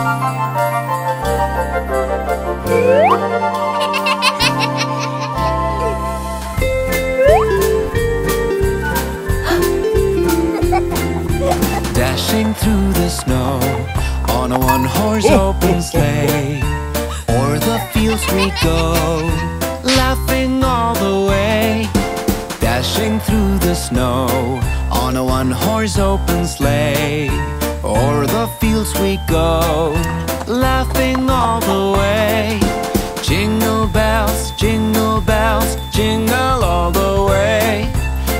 Dashing through the snow on a one-horse open sleigh O'er the fields we go, laughing all the way Dashing through the snow on a one-horse open sleigh O'er the hills we go, laughing all the way. Jingle bells, jingle bells, jingle all the way.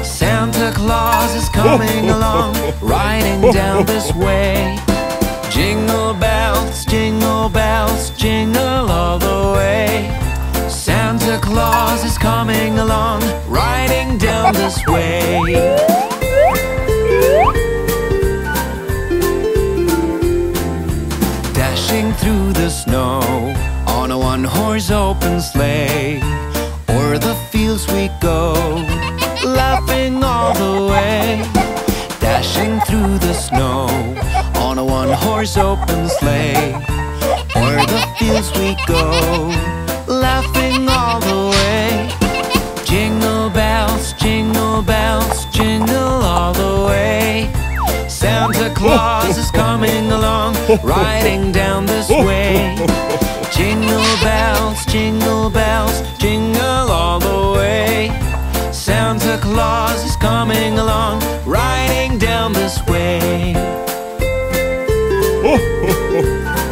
Santa Claus is coming along, riding down this way. Jingle bells, jingle bells, jingle all the way. Santa Claus. through the snow on a one horse open sleigh. O'er the fields we go, laughing all the way. Dashing through the snow on a one horse open sleigh. O'er the fields we go, laughing all the way. Jingle bells, jingle bells, jingle all the way. Santa Claus is coming riding down this way. Jingle bells, jingle bells, jingle all the way. Santa Claus is coming along, riding down this way. Oh,